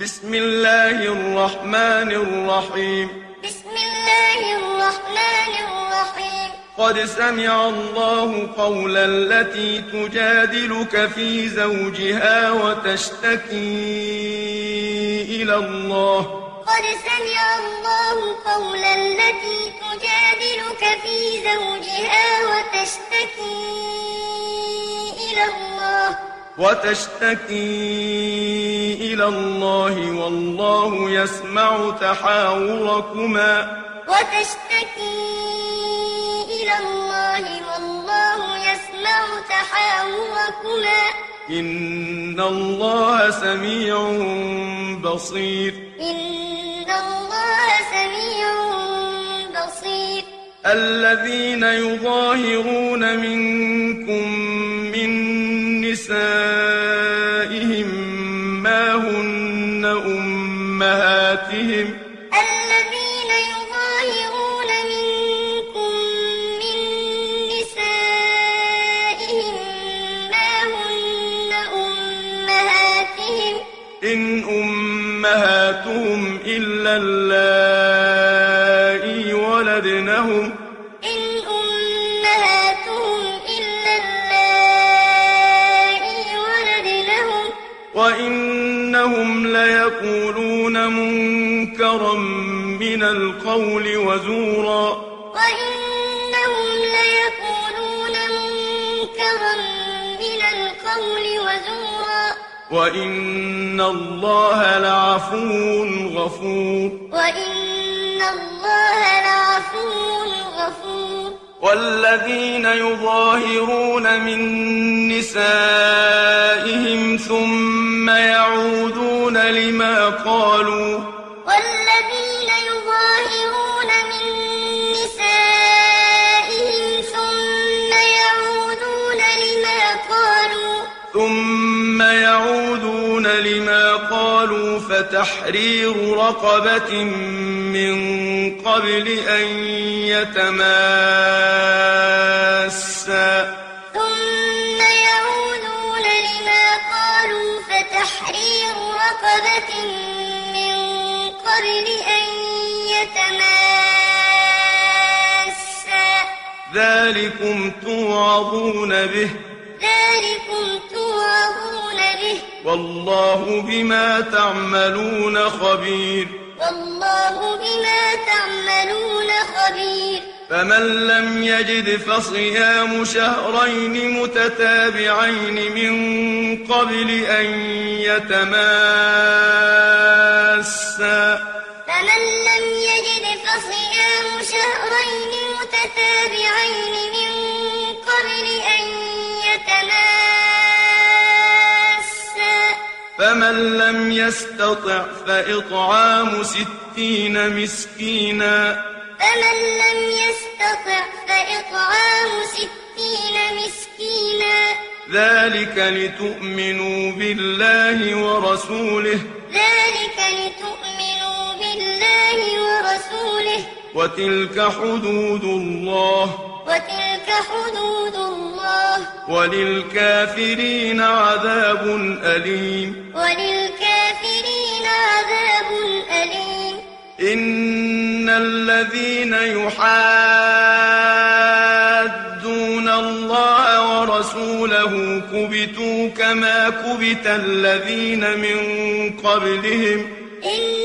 بسم الله الرحمن الرحيم بسم الله الرحمن الرحيم قد سمع الله قول التي تجادلك في زوجها وتشتكي إلى الله قد سمع الله قول التي تجادلك في زوجها وتشتكي إلى الله وتشتكي إلى الله والله يسمع تحاوركما وتشتكي إلى الله والله يسمع تحاوركما إن الله سميع بصير إن الله سميع بصير الذين يظاهرون منكم من نسائهم أزواجهم الذين يظاهرون منكم من نسائهم ما هن أمهاتهم إن أمهاتهم إلا اللائي ولدنهم من القول وزورا وإنهم ليقولون منكرا من القول وزورا وإن الله لعفو غفور وإن الله لعفو غفور والذين يظاهرون من نسائهم ثم يعودون لما قالوا فتحرير رقبة من قبل أن يتماسا ثم يعودون لما قالوا فتحرير رقبة من قبل أن يتماسا ذلكم توعظون به ذلكم توعظون به والله بما تعملون خبير والله بما تعملون خبير فمن لم يجد فصيام شهرين متتابعين من قبل أن يتماسا فمن لم يجد فصيام شهرين متتابعين من قبل فمن لم يستطع فإطعام ستين مسكينا فمن لم يستطع فإطعام ستين مسكينا ذلك لتؤمنوا بالله ورسوله ذلك لتؤمنوا بالله ورسوله وتلك حدود الله وتلك حدود الله وللكافرين عذاب أليم وللكافرين عذاب أليم إن الذين يحادون الله ورسوله كبتوا كما كبت الذين من قبلهم إن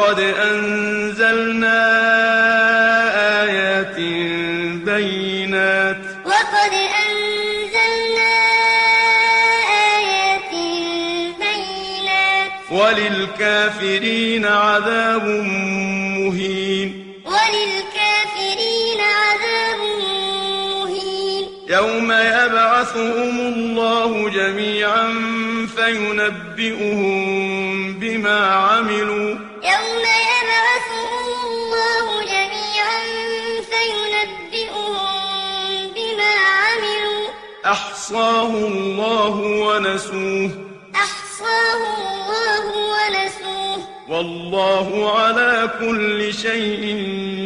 وقد أنزلنا آيات بينات وقد أنزلنا آيات بينات وللكافرين عذاب مهين وللكافرين عذاب مهين يوم يبعثهم الله جميعا فينبئهم بما عملوا أحصاه الله ونسوه أحصاه الله ونسوه والله على كل شيء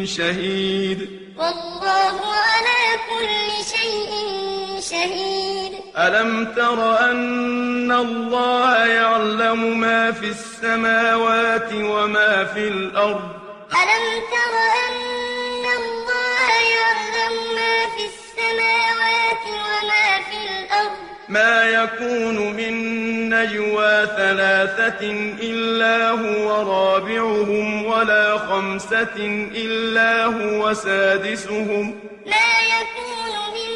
شهيد والله على كل شيء شهيد ألم تر أن الله يعلم ما في السماوات وما في الأرض ألم تر أن الله يعلم ما في السماوات ما يكون من نجوى ثلاثة إلا هو رابعهم ولا خمسة إلا هو سادسهم ما يكون من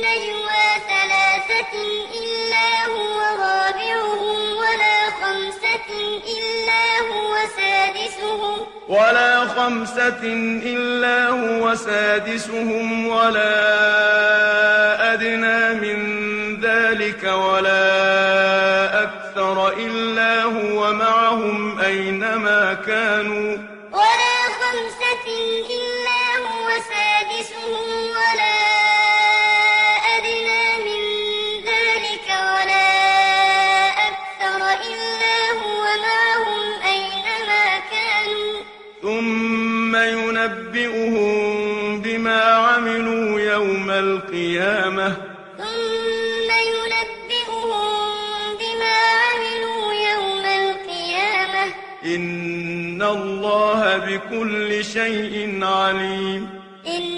نجوى ثلاثة إلا هو رابعهم ولا خمسة إلا هو سادسهم ولا خمسة إلا هو سادسهم ولا أدنى من القيامة ثم ينبئهم بما عملوا يوم القيامة إن الله بكل شيء عليم إن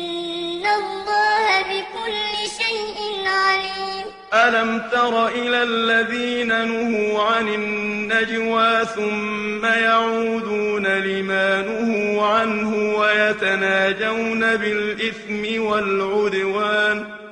ألم تر إلى الذين نهوا عن النجوى ثم يعودون لما نهوا عنه ويتناجون بالإثم والعدوان ۖ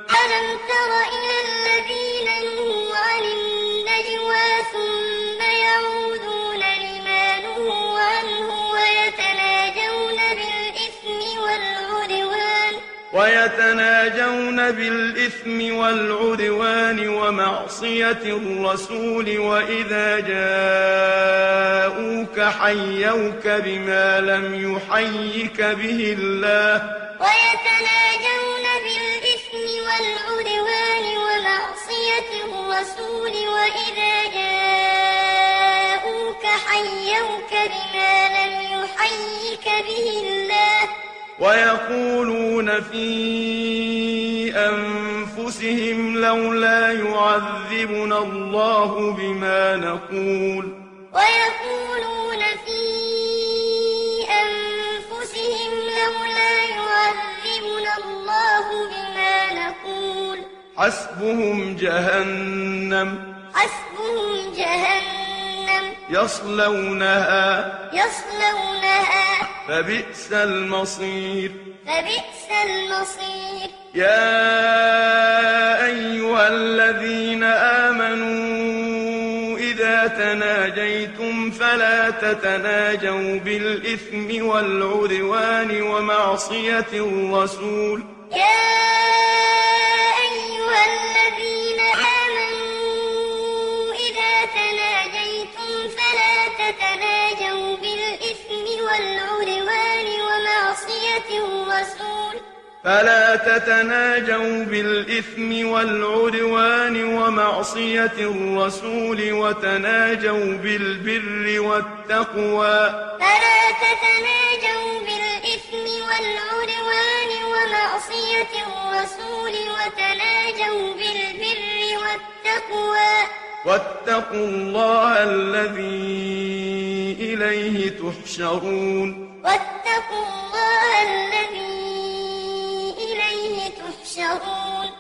يتناجون بالإثم والعدوان ومعصية الرسول وإذا جاءوك حيوك بما لم يحيك به الله ويتناجون بالإثم والعدوان ومعصية الرسول وإذا جاءوك حيوك بما لم يحيك به الله ويقولون يقولون في أنفسهم لولا يعذبنا الله بما نقول ويقولون في أنفسهم لولا يعذبنا الله بما نقول حسبهم جهنم حسبهم جهنم يصلونها يصلونها فبئس المصير فبئس المصير يا أيها الذين آمنوا إذا تناجيتم فلا تتناجوا بالإثم والعدوان ومعصية الرسول يا فلا تتناجوا بالإثم والعدوان ومعصية الرسول وتناجوا بالبر والتقوى فلا تتناجوا بالإثم والعدوان ومعصية الرسول وتناجوا بالبر والتقوى واتقوا الله الذي إليه تحشرون واتقوا الله الذي يحشرون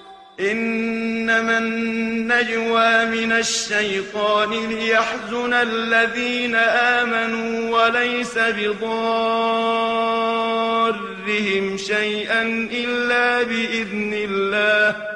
إنما النجوى من الشيطان ليحزن الذين آمنوا وليس بضارهم شيئا إلا بإذن الله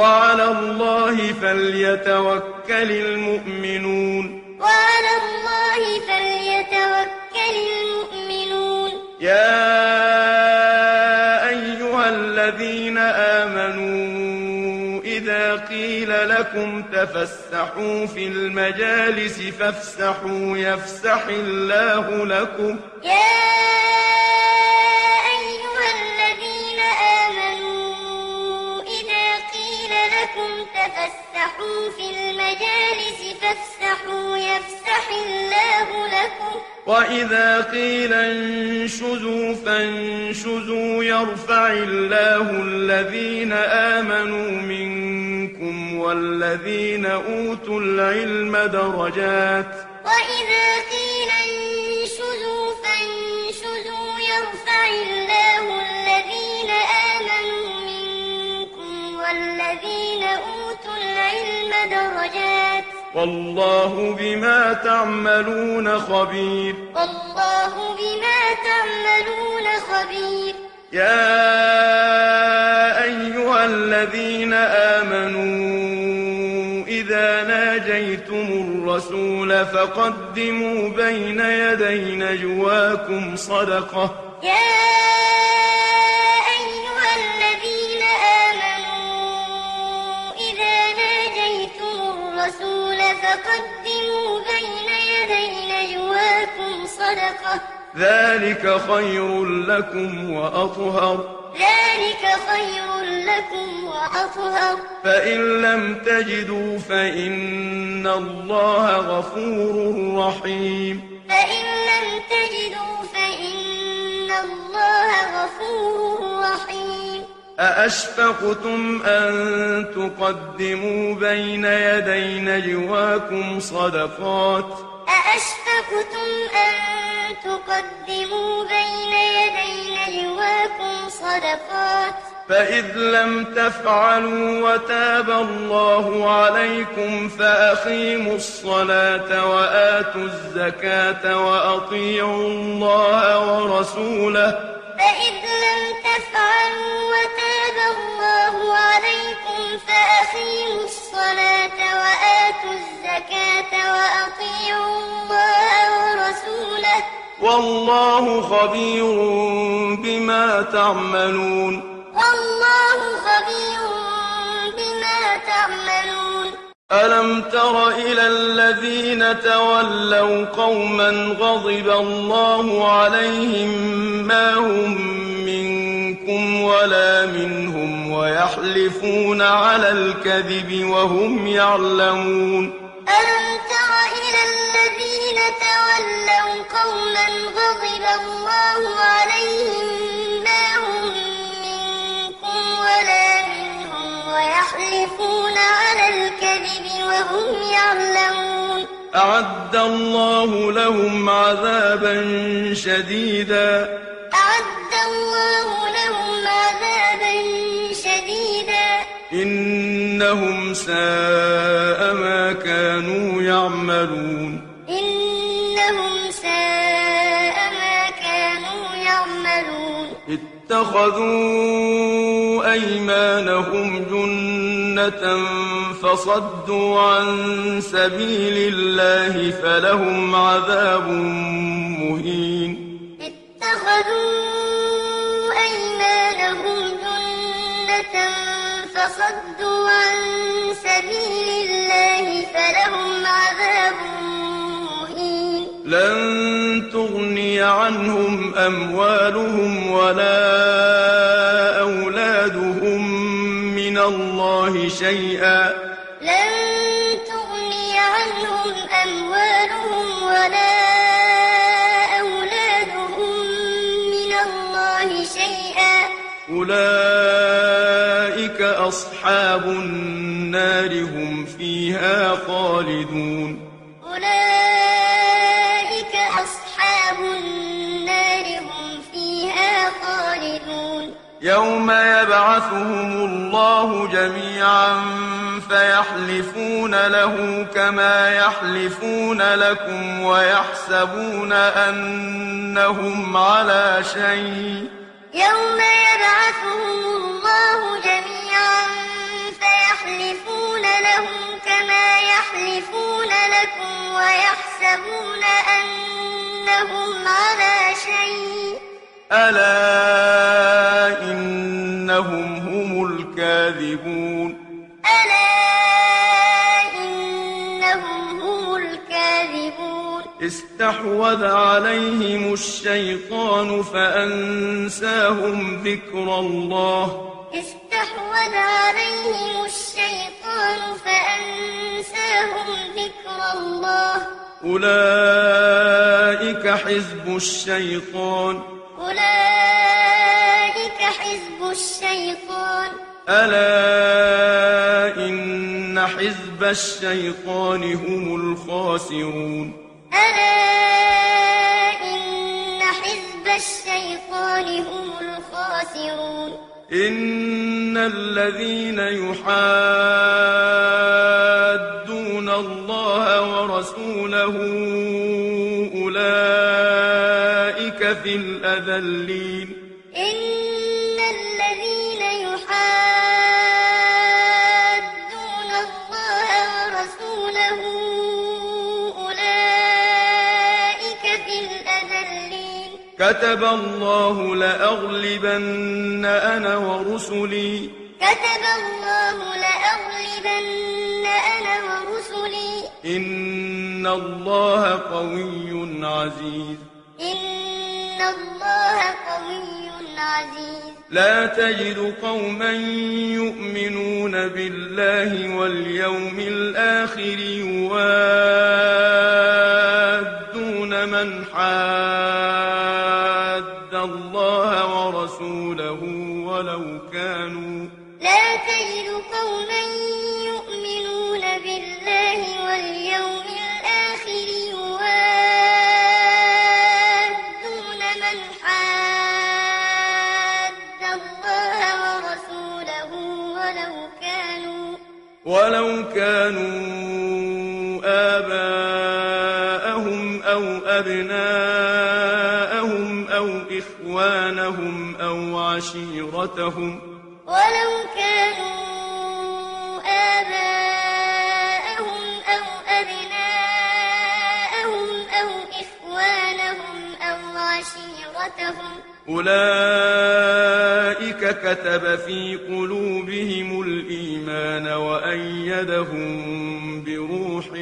وعلى الله فليتوكل المؤمنون وعلى الله فليتوكل المؤمنون يا أيها الذين آمنوا إذا قيل لكم تفسحوا في المجالس فافسحوا يفسح الله لكم يا تفسحوا في المجالس فافسحوا يفسح الله لكم وإذا قيل انشزوا فانشزوا يرفع الله الذين آمنوا منكم والذين أوتوا العلم درجات وإذا قيل انشزوا فانشزوا يرفع الله الذين آمنوا منكم والذين درجات والله بما تعملون خبير والله بما تعملون خبير يا أيها الذين آمنوا إذا ناجيتم الرسول فقدموا بين يدي نجواكم صدقة يا فقدموا بين يدي نجواكم صدقة ذلك خير لكم وأطهر ذلك خير لكم وأطهر فإن لم تجدوا فإن الله غفور رحيم فإن لم تجدوا فإن الله غفور أأشفقتم أن تقدموا بين يدي نجواكم صدقات أأشفقتم أن تقدموا بين يدي نجواكم صدقات فإذ لم تفعلوا وتاب الله عليكم فأقيموا الصلاة وآتوا الزكاة وأطيعوا الله ورسوله فإذ لم تفعلوا فأقيموا الصلاة وآتوا الزكاة وأطيعوا الله ورسوله والله خبير بما تعملون والله خبير بما تعملون ألم تر إلى الذين تولوا قوما غضب الله عليهم ما هم منكم ولا منهم ويحلفون على الكذب وهم يعلمون ألم تر إلى الذين تولوا قوما غضب الله عليهم ما هم منكم ولا منهم ويحلفون على الكذب وهم يعلمون أعد الله لهم عذابا شديدا شديدا إنهم ساء ما كانوا يعملون إنهم ساء ما كانوا يعملون اتخذوا أيمانهم جنة فصدوا عن سبيل الله فلهم عذاب مهين اتخذوا فصدوا عن سبيل الله فلهم عذاب مهين لن تغني عنهم أموالهم ولا أولادهم من الله شيئا لن تغني عنهم أموالهم ولا أولادهم من الله شيئا أولئك أصحاب النار هم فيها خالدون أولئك أصحاب النار هم فيها خالدون يوم يبعثهم الله جميعا فيحلفون له كما يحلفون لكم ويحسبون أنهم على شيء يوم يبعثهم الله جميعا يحلفون لهم كما يحلفون لكم ويحسبون أنهم على شيء ألا إنهم هم الكاذبون ألا إنهم هم الكاذبون استحوذ عليهم الشيطان فأنساهم ذكر الله استحوذ عليهم الشيطان فأنساهم ذكر الله أولئك حزب الشيطان أولئك حزب الشيطان ألا إن حزب الشيطان هم الخاسرون ألا إن حزب الشيطان هم الخاسرون إن الذين يحادون الله ورسوله أولئك في الأذلين كتب الله لأغلبن أنا ورسلي كتب الله لأغلبن أنا ورسلي إن الله قوي عزيز إن الله قوي عزيز لا تجد قوما يؤمنون بالله واليوم الآخر يوادون من حاد ولو كانوا آباءهم أو أبناءهم أو إخوانهم أو عشيرتهم ولو كانوا آباءهم أو أبناءهم أو إخوانهم أو عشيرتهم أولئك كتب في قلوبهم الإيمان وأيدهم بروح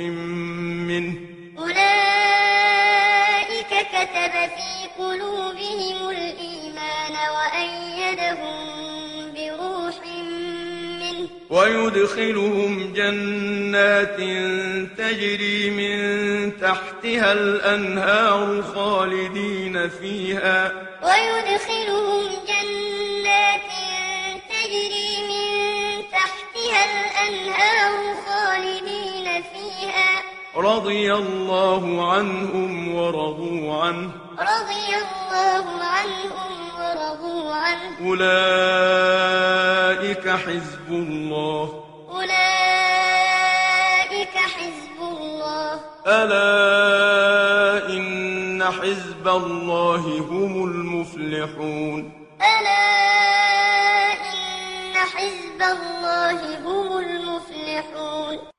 منه أولئك كتب في قلوبهم الإيمان وأيدهم بروح منه ويدخلهم جنات تجري من تحتها الأنهار خالدين فيها ويدخلهم جنات تجري من تحتها الأنهار خالدين فيها رضي الله عنهم ورضوا عنه رضي الله عنهم ورضوا عنه أولئك حزب الله أولئك حزب الله ألا حزب الله هم المفلحون ألا إن حزب الله هم المفلحون